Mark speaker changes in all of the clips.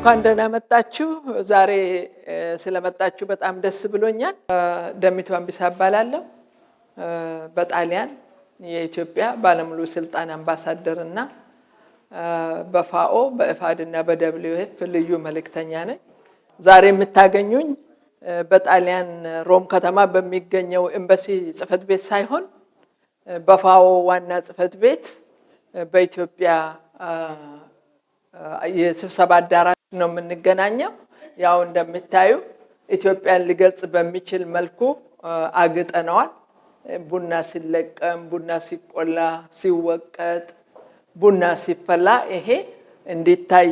Speaker 1: እንኳን ደህና መጣችሁ። ዛሬ ስለመጣችሁ በጣም ደስ ብሎኛል። ደሚቱ አምቢሳ እባላለሁ። በጣሊያን የኢትዮጵያ ባለሙሉ ስልጣን አምባሳደር እና በፋኦ በእፋድ እና በደብሊው ኤፍ ልዩ መልእክተኛ ነኝ። ዛሬ የምታገኙኝ በጣሊያን ሮም ከተማ በሚገኘው ኤምባሲ ጽህፈት ቤት ሳይሆን በፋኦ ዋና ጽህፈት ቤት በኢትዮጵያ የስብሰባ አዳራሽ ነው የምንገናኘው። ያው እንደምታዩ ኢትዮጵያን ሊገልጽ በሚችል መልኩ አግጠነዋል። ቡና ሲለቀም፣ ቡና ሲቆላ፣ ሲወቀጥ፣ ቡና ሲፈላ ይሄ እንዲታይ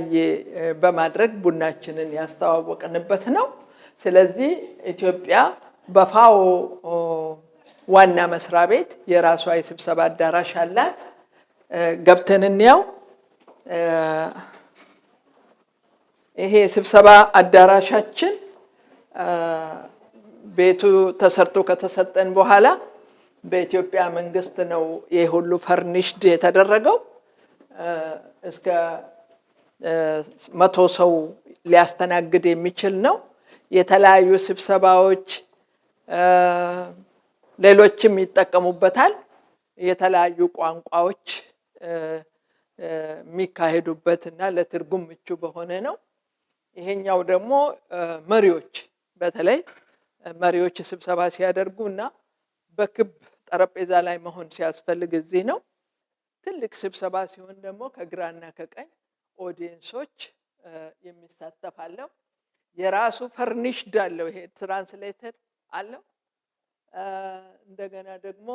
Speaker 1: በማድረግ ቡናችንን ያስተዋወቅንበት ነው። ስለዚህ ኢትዮጵያ በፋኦ ዋና መስሪያ ቤት የራሷ የስብሰባ አዳራሽ አላት። ገብተን እንያው። ይሄ ስብሰባ አዳራሻችን ቤቱ ተሰርቶ ከተሰጠን በኋላ በኢትዮጵያ መንግስት ነው ይህ ሁሉ ፈርኒሽድ የተደረገው። እስከ መቶ ሰው ሊያስተናግድ የሚችል ነው። የተለያዩ ስብሰባዎች፣ ሌሎችም ይጠቀሙበታል። የተለያዩ ቋንቋዎች የሚካሄዱበት እና ለትርጉም ምቹ በሆነ ነው። ይሄኛው ደግሞ መሪዎች በተለይ መሪዎች ስብሰባ ሲያደርጉ እና በክብ ጠረጴዛ ላይ መሆን ሲያስፈልግ እዚህ ነው። ትልቅ ስብሰባ ሲሆን ደግሞ ከግራና ከቀኝ ኦዲየንሶች የሚሳተፋለው የራሱ ፈርኒሽድ አለው። ይሄ ትራንስሌተር አለው። እንደገና ደግሞ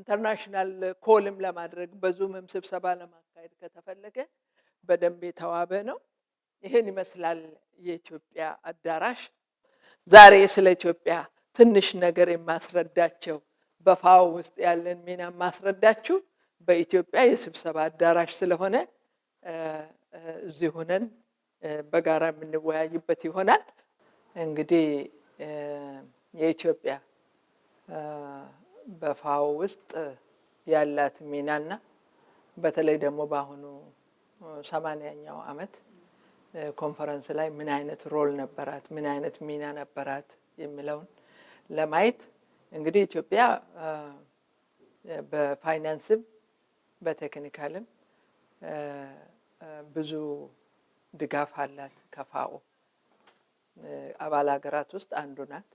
Speaker 1: ኢንተርናሽናል ኮልም ለማድረግ በዙምም ስብሰባ ለማካሄድ ከተፈለገ በደንብ የተዋበ ነው። ይህን ይመስላል የኢትዮጵያ አዳራሽ። ዛሬ ስለ ኢትዮጵያ ትንሽ ነገር የማስረዳቸው በፋው ውስጥ ያለን ሚና የማስረዳችሁ በኢትዮጵያ የስብሰባ አዳራሽ ስለሆነ እዚህ ሆነን በጋራ የምንወያይበት ይሆናል። እንግዲህ የኢትዮጵያ በፋው ውስጥ ያላት ሚናና በተለይ ደግሞ በአሁኑ ሰማንያኛው ዓመት ኮንፈረንስ ላይ ምን አይነት ሮል ነበራት፣ ምን አይነት ሚና ነበራት የሚለውን ለማየት እንግዲህ ኢትዮጵያ በፋይናንስም በቴክኒካልም ብዙ ድጋፍ አላት። ከፋኦ አባል ሀገራት ውስጥ አንዱ ናት።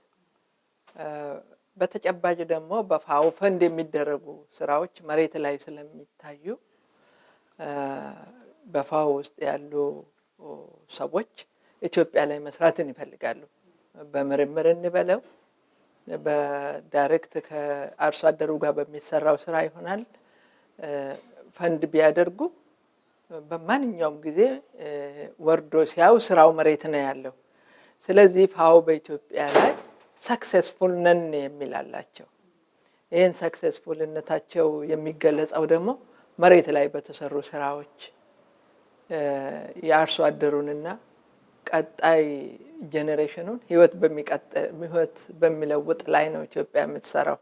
Speaker 1: በተጨባጭ ደግሞ በፋኦ ፈንድ የሚደረጉ ስራዎች መሬት ላይ ስለሚታዩ በፋኦ ውስጥ ያሉ ሰዎች ኢትዮጵያ ላይ መስራትን ይፈልጋሉ። በምርምር እንበለው፣ በዳይሬክት ከአርሶ አደሩ ጋር በሚሰራው ስራ ይሆናል። ፈንድ ቢያደርጉ በማንኛውም ጊዜ ወርዶ ሲያው ስራው መሬት ነው ያለው። ስለዚህ ፋኦ በኢትዮጵያ ላይ ሰክሴስፉል ነን የሚል አላቸው። ይህን ሰክሴስፉልነታቸው የሚገለጸው ደግሞ መሬት ላይ በተሰሩ ስራዎች የአርሶ አደሩንና ቀጣይ ጄኔሬሽኑን ህይወት ህይወት በሚለውጥ ላይ ነው ኢትዮጵያ የምትሰራው።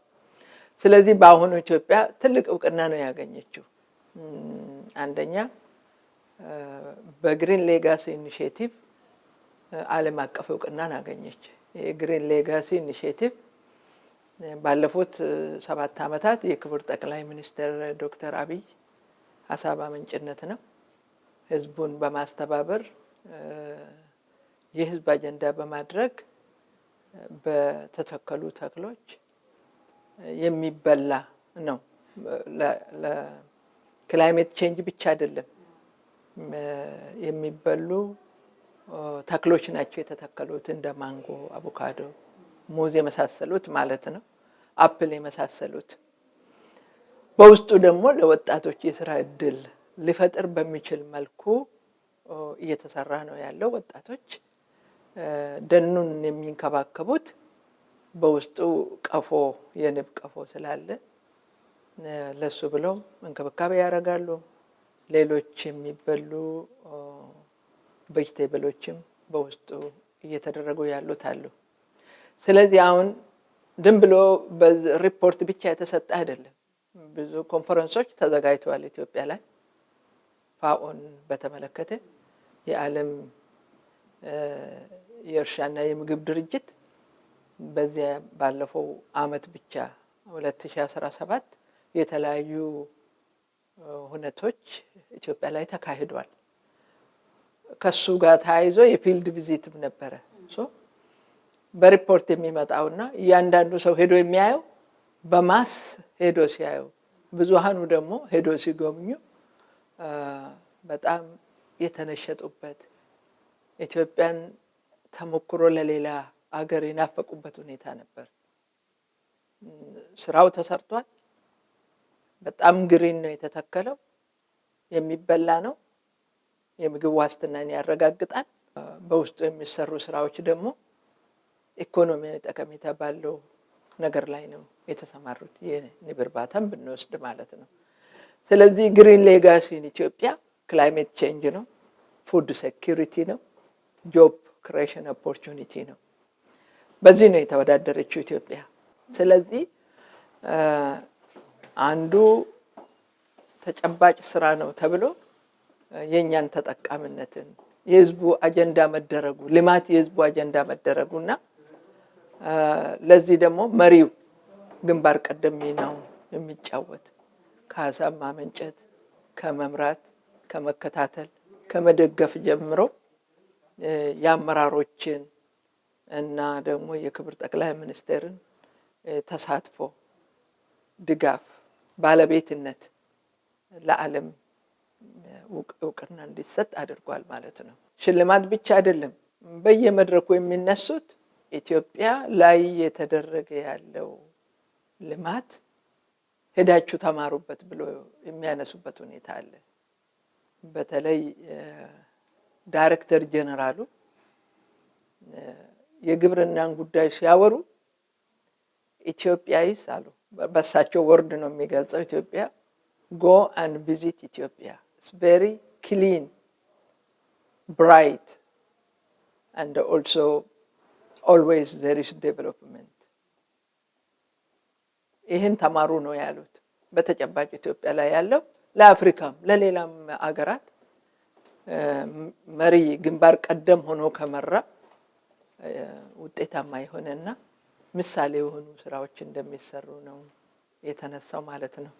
Speaker 1: ስለዚህ በአሁኑ ኢትዮጵያ ትልቅ እውቅና ነው ያገኘችው። አንደኛ በግሪን ሌጋሲ ኢኒሽቲቭ ዓለም አቀፍ እውቅናን አገኘች። የግሪን ሌጋሲ ኢኒሽቲቭ ባለፉት ሰባት ዓመታት የክቡር ጠቅላይ ሚኒስትር ዶክተር አብይ ሀሳብ አመንጭነት ነው ህዝቡን በማስተባበር የህዝብ አጀንዳ በማድረግ በተተከሉ ተክሎች የሚበላ ነው። ለክላይሜት ቼንጅ ብቻ አይደለም የሚበሉ ተክሎች ናቸው የተተከሉት፣ እንደ ማንጎ፣ አቮካዶ፣ ሙዝ የመሳሰሉት ማለት ነው፣ አፕል የመሳሰሉት። በውስጡ ደግሞ ለወጣቶች የስራ እድል ሊፈጥር በሚችል መልኩ እየተሰራ ነው ያለው። ወጣቶች ደኑን የሚንከባከቡት በውስጡ ቀፎ የንብ ቀፎ ስላለ ለሱ ብለው እንክብካቤ ያደርጋሉ። ሌሎች የሚበሉ ቬጅቴብሎችም በውስጡ እየተደረጉ ያሉት አሉ። ስለዚህ አሁን ድን ብሎ ሪፖርት ብቻ የተሰጠ አይደለም። ብዙ ኮንፈረንሶች ተዘጋጅተዋል ኢትዮጵያ ላይ ፋኦን በተመለከተ የዓለም የእርሻና የምግብ ድርጅት በዚያ ባለፈው አመት ብቻ 2017 የተለያዩ ሁነቶች ኢትዮጵያ ላይ ተካሂዷል። ከሱ ጋር ተያይዞ የፊልድ ቪዚትም ነበረ። በሪፖርት የሚመጣውና እያንዳንዱ ሰው ሄዶ የሚያየው በማስ ሄዶ ሲያየው፣ ብዙሃኑ ደግሞ ሄዶ ሲጎብኙ በጣም የተነሸጡበት ኢትዮጵያን ተሞክሮ ለሌላ አገር የናፈቁበት ሁኔታ ነበር። ስራው ተሰርቷል። በጣም ግሪን ነው የተተከለው። የሚበላ ነው። የምግብ ዋስትናን ያረጋግጣል። በውስጡ የሚሰሩ ስራዎች ደግሞ ኢኮኖሚያዊ ጠቀሜታ ባለው ነገር ላይ ነው የተሰማሩት። የንብ እርባታን ብንወስድ ማለት ነው። ስለዚህ ግሪን ሌጋሲን ኢትዮጵያ ክላይሜት ቼንጅ ነው፣ ፉድ ሴኪሪቲ ነው፣ ጆብ ክሬሽን ኦፖርቹኒቲ ነው። በዚህ ነው የተወዳደረችው ኢትዮጵያ። ስለዚህ አንዱ ተጨባጭ ስራ ነው ተብሎ የእኛን ተጠቃሚነትን የህዝቡ አጀንዳ መደረጉ ልማት የህዝቡ አጀንዳ መደረጉ እና ለዚህ ደግሞ መሪው ግንባር ቀደም ሚናውን የሚጫወት ከሀሳብ ማመንጨት፣ ከመምራት፣ ከመከታተል፣ ከመደገፍ ጀምሮ የአመራሮችን እና ደግሞ የክብር ጠቅላይ ሚኒስቴርን ተሳትፎ፣ ድጋፍ፣ ባለቤትነት ለዓለም እውቅና እንዲሰጥ አድርጓል ማለት ነው። ሽልማት ብቻ አይደለም፣ በየመድረኩ የሚነሱት ኢትዮጵያ ላይ የተደረገ ያለው ልማት ሄዳችሁ ተማሩበት ብሎ የሚያነሱበት ሁኔታ አለ። በተለይ ዳይሬክተር ጀነራሉ የግብርናን ጉዳይ ሲያወሩ ኢትዮጵያይስ አሉ። በሳቸው ወርድ ነው የሚገልጸው ኢትዮጵያ ጎ አንድ ቪዚት ኢትዮጵያ ኢትስ ቬሪ ክሊን ብራይት አንድ ኦልሶ ኦልዌይስ ዜር ዴቨሎፕመንት ይህን ተማሩ ነው ያሉት። በተጨባጭ ኢትዮጵያ ላይ ያለው ለአፍሪካም ለሌላም አገራት መሪ ግንባር ቀደም ሆኖ ከመራ ውጤታማ የሆነና ምሳሌ የሆኑ ስራዎች እንደሚሰሩ ነው የተነሳው ማለት ነው።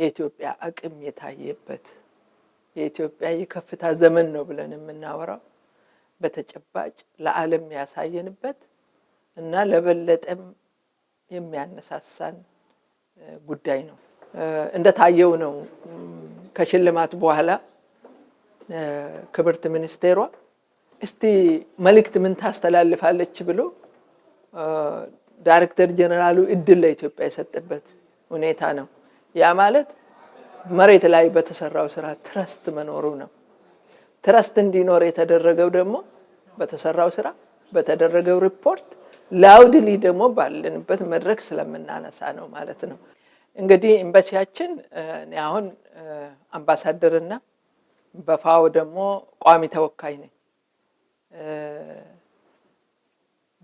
Speaker 1: የኢትዮጵያ አቅም የታየበት የኢትዮጵያ የከፍታ ዘመን ነው ብለን የምናወራው በተጨባጭ ለዓለም ያሳየንበት እና ለበለጠም የሚያነሳሳን ጉዳይ ነው። እንደታየው ነው ከሽልማት በኋላ ክብርት ሚኒስቴሯ እስቲ መልእክት ምን ታስተላልፋለች ብሎ ዳይሬክተር ጀነራሉ እድል ለኢትዮጵያ የሰጠበት ሁኔታ ነው። ያ ማለት መሬት ላይ በተሰራው ስራ ትረስት መኖሩ ነው። ትረስት እንዲኖር የተደረገው ደግሞ በተሰራው ስራ፣ በተደረገው ሪፖርት ላውድሊ ደግሞ ባለንበት መድረክ ስለምናነሳ ነው ማለት ነው። እንግዲህ ኤምባሲያችን እኔ አሁን አምባሳደርና በፋኦ ደግሞ ቋሚ ተወካይ ነኝ።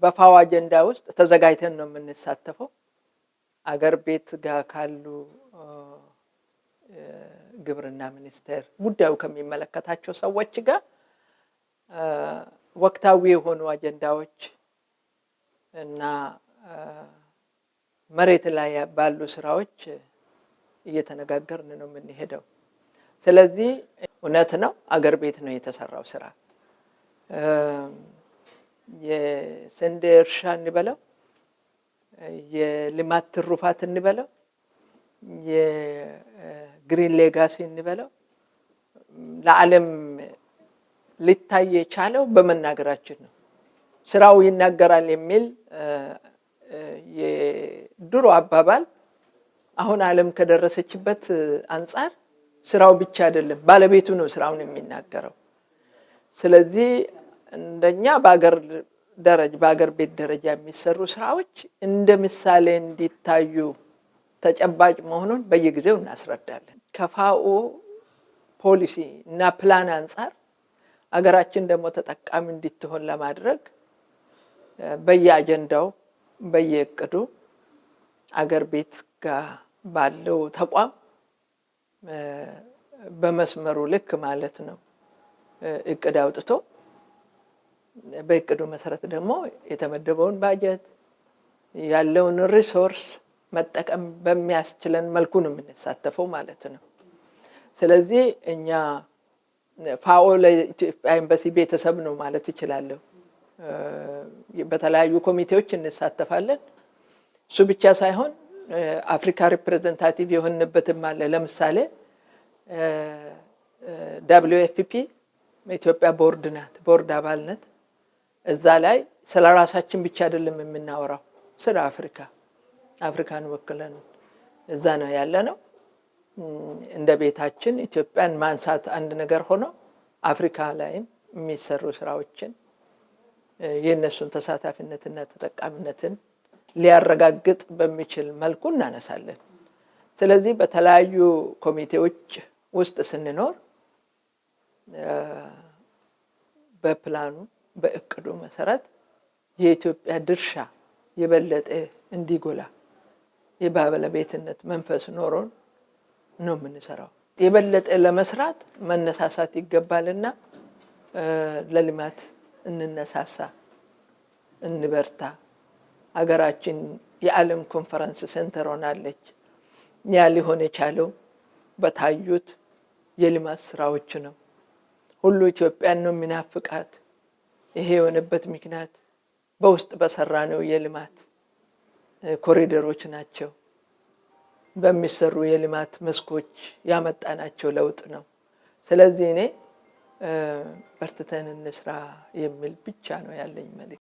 Speaker 1: በፋኦ አጀንዳ ውስጥ ተዘጋጅተን ነው የምንሳተፈው። አገር ቤት ጋር ካሉ ግብርና ሚኒስቴር ጉዳዩ ከሚመለከታቸው ሰዎች ጋር ወቅታዊ የሆኑ አጀንዳዎች እና መሬት ላይ ባሉ ስራዎች እየተነጋገርን ነው የምንሄደው። ስለዚህ እውነት ነው አገር ቤት ነው የተሰራው ስራ። የስንዴ እርሻ እንበለው፣ የልማት ትሩፋት እንበለው፣ የግሪን ሌጋሲ እንበለው ለዓለም ሊታይ የቻለው በመናገራችን ነው። ስራው ይናገራል የሚል የድሮ አባባል አሁን ዓለም ከደረሰችበት አንጻር ስራው ብቻ አይደለም፣ ባለቤቱ ነው ስራውን የሚናገረው። ስለዚህ እንደኛ በአገር ደረጃ በአገር ቤት ደረጃ የሚሰሩ ስራዎች እንደ ምሳሌ እንዲታዩ ተጨባጭ መሆኑን በየጊዜው እናስረዳለን። ከፋኦ ፖሊሲ እና ፕላን አንጻር አገራችን ደግሞ ተጠቃሚ እንድትሆን ለማድረግ በየአጀንዳው በየእቅዱ አገር ቤት ጋር ባለው ተቋም በመስመሩ ልክ ማለት ነው እቅድ አውጥቶ በእቅዱ መሰረት ደግሞ የተመደበውን ባጀት ያለውን ሪሶርስ መጠቀም በሚያስችለን መልኩ ነው የምንሳተፈው ማለት ነው። ስለዚህ እኛ ፋኦ ለኢትዮጵያ ኤምባሲ ቤተሰብ ነው ማለት እችላለሁ። በተለያዩ ኮሚቴዎች እንሳተፋለን። እሱ ብቻ ሳይሆን አፍሪካ ሪፕሬዘንታቲቭ የሆንበትም አለ። ለምሳሌ ዳብሊዩ ኤፍ ፒ ኢትዮጵያ ቦርድ ናት፣ ቦርድ አባል ናት። እዛ ላይ ስለ ራሳችን ብቻ አይደለም የምናወራው፣ ስለ አፍሪካ አፍሪካን ወክለን እዛ ነው ያለ ነው። እንደ ቤታችን ኢትዮጵያን ማንሳት አንድ ነገር ሆኖ አፍሪካ ላይም የሚሰሩ ስራዎችን የእነሱን ተሳታፊነትና ተጠቃሚነትን ሊያረጋግጥ በሚችል መልኩ እናነሳለን። ስለዚህ በተለያዩ ኮሚቴዎች ውስጥ ስንኖር በፕላኑ በእቅዱ መሰረት የኢትዮጵያ ድርሻ የበለጠ እንዲጎላ የባለቤትነት መንፈስ ኖሮን ነው የምንሰራው። የበለጠ ለመስራት መነሳሳት ይገባልና ለልማት እንነሳሳ፣ እንበርታ። አገራችን የዓለም ኮንፈረንስ ሴንተር ሆናለች። ያ ሊሆን የቻለው በታዩት የልማት ስራዎች ነው። ሁሉ ኢትዮጵያን ነው የሚናፍቃት። ይሄ የሆነበት ምክንያት በውስጥ በሰራ ነው የልማት ኮሪደሮች ናቸው በሚሰሩ የልማት መስኮች ያመጣናቸው ለውጥ ነው። ስለዚህ እኔ በርትተን እንስራ የሚል ብቻ ነው ያለኝ መልክ።